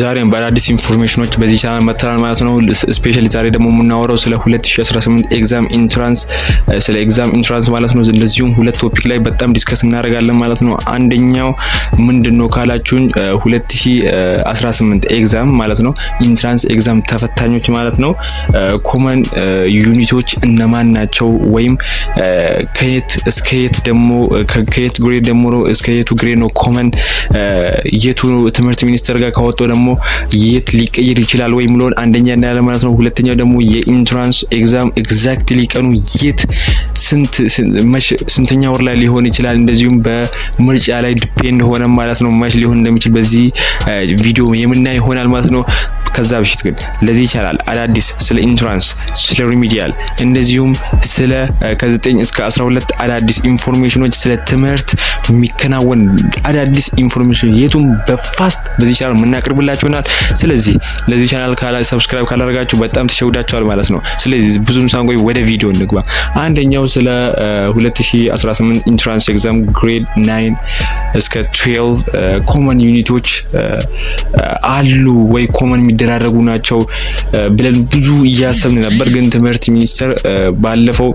ዛሬም በአዳዲስ ኢንፎርሜሽኖች በዚህ ቻናል መተናል ማለት ነው። ስፔሻሊ ዛሬ ደግሞ የምናወራው ስለ 2018 ኤግዛም ኢንትራንስ ስለ ኤግዛም ኢንትራንስ ማለት ነው። እንደዚሁም ሁለት ቶፒክ ላይ በጣም ዲስከስ እናደርጋለን ማለት ነው። አንደኛው ምንድን ነው ካላችሁን 2018 ኤግዛም ማለት ነው ኢንትራንስ ኤግዛም ተፈታኞች ማለት ነው ኮመን ዩኒቶች እነማን ናቸው ወይም ከየት እስከ የት ደግሞ ከየት ግሬድ ደግሞ እስከ የቱ ግሬድ ነው ኮመን የቱ ትምህርት ሚኒስቴር ጋር ካወጣው ደግሞ ደግሞ የት ሊቀይር ይችላል ወይ ምሎን አንደኛ እናያለን ማለት ነው። ሁለተኛው ደግሞ የኢንትራንስ ኤግዛም ኤግዛክትሊ ቀኑ የት ስንት ስንተኛ ወር ላይ ሊሆን ይችላል፣ እንደዚሁም በምርጫ ላይ ዲፔንድ ሆነ ማለት ነው መች ሊሆን እንደሚችል በዚህ ቪዲዮ የምናይ ይሆናል ማለት ነው። ከዛ በፊት ግን ለዚህ ይቻላል አዳዲስ ስለ ኢንትራንስ ስለ ሪሚዲያል እንደዚሁም ስለ ከ9 እስከ 12 አዳዲስ ኢንፎርሜሽኖች ስለ ትምህርት የሚከናወን አዳዲስ ኢንፎርሜሽን የቱም በፋስት በዚህ ቻናል የምናቀርብላችሁናል። ስለዚህ ለዚህ ቻናል ካላ ሰብስክራይብ ካላደረጋችሁ በጣም ተሸውዳችኋል ማለት ነው። ስለዚህ ብዙም ሳንቆይ ወደ ቪዲዮ እንግባ። አንደኛው ስለ 2018 ኢንትራንስ ኤግዛም ግሬድ 9 እስከ 12 ኮመን ዩኒቶች አሉ ወይ ኮመን የሚደራረጉ ናቸው ብለን ብዙ እያሰብን ነበር። ግን ትምህርት ሚኒስቴር ባለፈው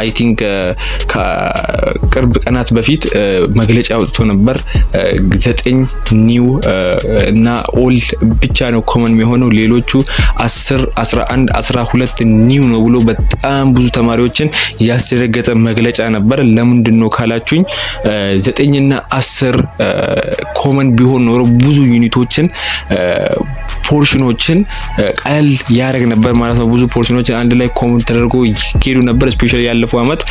አይ ቲንክ ከቅርብ ቀናት በፊት መግለጫ አውጥቶ ነበር። ዘጠኝ ኒው እና ኦልድ ብቻ ነው ኮመን የሆነው ሌሎቹ 10፣ 11፣ 12 ኒው ነው ብሎ በጣም ብዙ ተማሪዎችን ያስደነገጠ መግለጫ ነበር። ለምንድን ነው ካላችሁኝ ዘጠኝና አስር ኮመን ቢሆን ኖሮ ብዙ ዩኒቶችን ፖርሽኖችን ቀለል ያደረግ ነበር ማለት ነው። ብዙ ፖርሽኖችን አንድ ላይ ኮመን ተደርጎ ይሄዱ ነበር። ስፔሻሊ ያለፈው አመት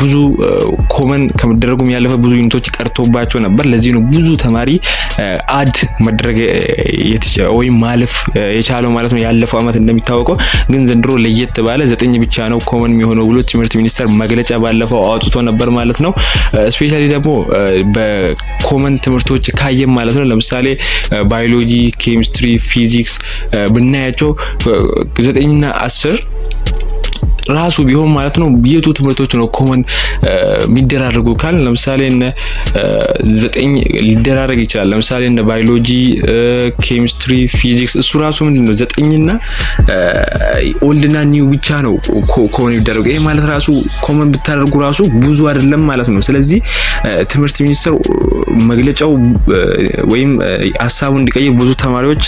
ብዙ ኮመን ከመደረጉም ያለፈ ብዙ ዩኒቶች ቀርቶባቸው ነበር። ለዚህ ነው ብዙ ተማሪ አድ መደረግ ወይም ማለፍ የቻለው ማለት ነው። ያለፈው አመት እንደሚታወቀው ግን ዘንድሮ ለየት ባለ ዘጠኝ ብቻ ነው ኮመን የሚሆነው ብሎ ትምህርት ሚኒስቴር መግለጫ ባለፈው አውጥቶ ነበር ማለት ነው። ስፔሻሊ ደግሞ በኮመን ትምህርቶች ካየም ማለት ነው ለምሳሌ ባዮሎጂ፣ ኬሚስትሪ፣ ፊዚክስ ፊዚክስ ብናያቸው ዘጠኝና አስር ራሱ ቢሆን ማለት ነው የቱ ትምህርቶች ነው ኮመን የሚደራረጉ ካል ለምሳሌ እነ ዘጠኝ ሊደራረግ ይችላል። ለምሳሌ እነ ባዮሎጂ፣ ኬሚስትሪ፣ ፊዚክስ እሱ ራሱ ምንድን ነው ዘጠኝና ኦልድና ኒው ብቻ ነው ኮመን የሚደረገው። ይሄ ማለት ራሱ ኮመን ብታደርጉ ራሱ ብዙ አይደለም ማለት ነው። ስለዚህ ትምህርት ሚኒስቴር መግለጫው ወይም ሀሳቡ እንዲቀይር ብዙ ተማሪዎች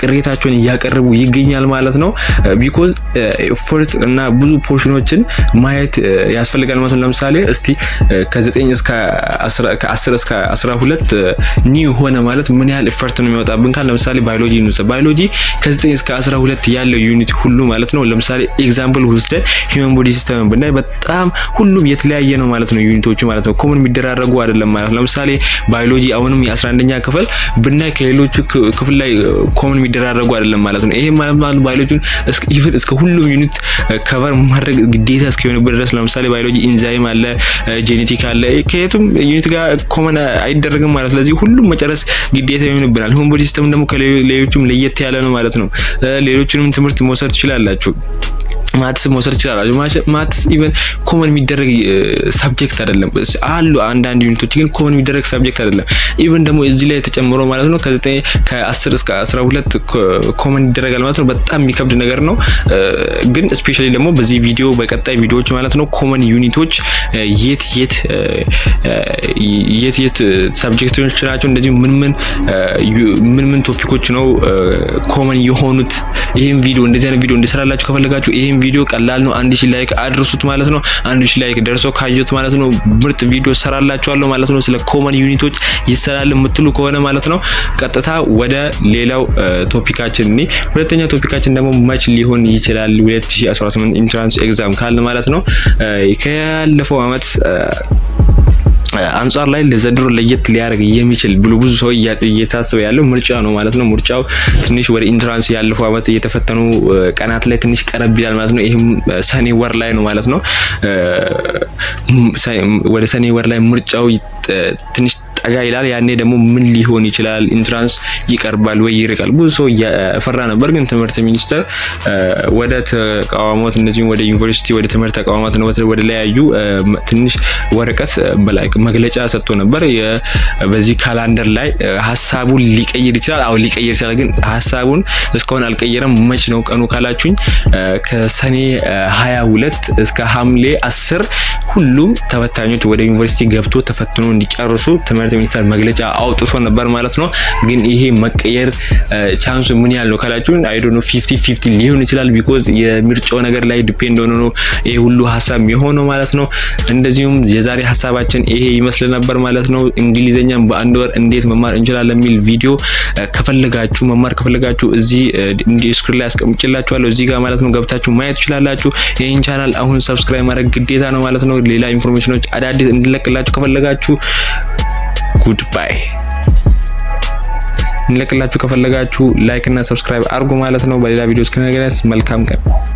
ቅሬታቸውን እያቀረቡ ይገኛል ማለት ነው። ቢኮዝ ኤፎርት እና ብዙ ፖርሽኖችን ማየት ያስፈልጋል ማለት ነው። ለምሳሌ እስቲ ከ9 እስከ 10 እስከ 12 ኒው ሆነ ማለት ምን ያህል ኤፈርት ነው የሚወጣብን ካል ለምሳሌ ባዮሎጂ ባዮሎጂ ከ9 እስከ 12 ያለ ያለው ዩኒት ሁሉ ማለት ነው። ለምሳሌ ኤግዛምፕል ወስደን ሂዩማን ቦዲ ሲስተም ብናይ በጣም ሁሉም የተለያየ ነው ማለት ነው። ዩኒቶቹ ማለት ነው ኮመን የሚደራረጉ አይደለም ማለት ነው። ለምሳሌ ባዮሎጂ አሁንም የ11ኛ ክፍል ብናይ ከሌሎቹ ክፍል ላይ ኮመን የሚደራረጉ አይደለም ማለት ነው። ይሄ ማለት ባዮሎጂን እስከ ሁሉም ዩኒት ከቨር ማድረግ ግዴታ እስከሆነበት ድረስ ለምሳሌ ባዮሎጂ ኢንዛይም አለ፣ ጄኔቲክ አለ ከየቱም ዩኒት ጋር ኮመን አይደረግም ማለት ስለዚህ ሁሉም መጨረስ ግዴታ ይሆንብናል። ሂውመን ቦዲ ሲስተም ደግሞ ከሌሎቹም ለየት ያለ ነው ማለት ነው። ሌሎቹንም ትምህርት መውሰድ ትችላላችሁ። ማትስ መውሰድ ይችላሉ። ማትስ ኢቨን ኮመን የሚደረግ ሰብጀክት አይደለም አሉ አንዳንድ ዩኒቶች ግን ኮመን የሚደረግ ሰብጀክት አይደለም። ኢቨን ደግሞ እዚህ ላይ ተጨምሮ ማለት ነው ከዘጠኝ ከአስር እስከ አስራ ሁለት ኮመን ይደረጋል ማለት ነው። በጣም የሚከብድ ነገር ነው። ግን ስፔሻሊ ደግሞ በዚህ ቪዲዮ በቀጣይ ቪዲዮዎች ማለት ነው ኮመን ዩኒቶች የት የት የት የት ሰብጀክቶች ናቸው እንደዚሁ ምን ምን ምን ምን ቶፒኮች ነው ኮመን የሆኑት ይህም ቪዲዮ እንደዚህ አይነት ቪዲዮ እንዲሰራላችሁ ከፈለጋችሁ ይህም ቪዲዮ ቀላል ነው። አንድ ሺህ ላይክ አድርሱት ማለት ነው። አንድ ሺህ ላይክ ደርሶ ካዩት ማለት ነው ምርጥ ቪዲዮ ሰራላችኋለሁ ማለት ነው። ስለ ኮመን ዩኒቶች ይሰራል የምትሉ ከሆነ ማለት ነው ቀጥታ ወደ ሌላው ቶፒካችን እኔ ሁለተኛ ቶፒካችን ደግሞ መች ሊሆን ይችላል 2018 ኢንትራንስ ኤግዛም ካለ ማለት ነው ከያለፈው አመት አንጻር ላይ ለዘንድሮ ለየት ሊያደርግ የሚችል ብሎ ብዙ ሰው እየታሰበ ያለው ምርጫ ነው ማለት ነው። ምርጫው ትንሽ ወደ ኢንትራንስ ያለፈው አመት እየተፈተኑ ቀናት ላይ ትንሽ ቀረብ ይላል ማለት ነው። ይህም ሰኔ ወር ላይ ነው ማለት ነው። ወደ ሰኔ ወር ላይ ምርጫው ትንሽ ጠጋ ይላል። ያኔ ደግሞ ምን ሊሆን ይችላል? ኢንትራንስ ይቀርባል ወይ ይርቃል? ብዙ ሰው እየፈራ ነበር፣ ግን ትምህርት ሚኒስቴር ወደ ተቋማት እንደዚሁም ወደ ዩኒቨርሲቲ ወደ ትምህርት ተቋማት ነው ወደ ለያዩ ትንሽ ወረቀት መግለጫ ሰጥቶ ነበር። በዚህ ካላንደር ላይ ሀሳቡን ሊቀይር ይችላል። አው ሊቀይር ይችላል፣ ግን ሀሳቡን እስካሁን አልቀየረም። መች ነው ቀኑ ካላችሁኝ ከሰኔ 22 እስከ ሐምሌ 10 ሁሉም ተፈታኞች ወደ ዩኒቨርሲቲ ገብቶ ተፈትኖ እንዲጨርሱ ትምህርት ሚኒስቴር መግለጫ አውጥቶ ነበር ማለት ነው። ግን ይሄ መቀየር ቻንሱ ምን ያህል ነው ካላችሁን አይ ዶንት ኖ ፊፍቲ ፊፍቲ ሊሆን ይችላል። ቢኮዝ የምርጫው ነገር ላይ ዲፔንድ ሆኖ ነው ይሄ ሁሉ ሀሳብ የሆነው ማለት ነው። እንደዚሁም የዛሬ ሀሳባችን ይሄ ይመስል ነበር ማለት ነው። እንግሊዘኛን በአንድ ወር እንዴት መማር እንችላለን የሚል ቪዲዮ ከፈለጋችሁ መማር ከፈለጋችሁ እዚህ ስክሪን ላይ አስቀምጭላችኋለሁ እዚህ ጋር ማለት ነው ገብታችሁ ማየት ትችላላችሁ። ይህን ቻናል አሁን ሰብስክራይብ ማድረግ ግዴታ ነው ማለት ነው። ሌላ ኢንፎርሜሽኖች አዳዲስ እንድንለቅላችሁ ከፈለጋችሁ ጉድ ባይ እንለቅላችሁ ከፈለጋችሁ ላይክ እና ሰብስክራይብ አድርጉ ማለት ነው። በሌላ ቪዲዮ እስክንገናኝ መልካም ቀን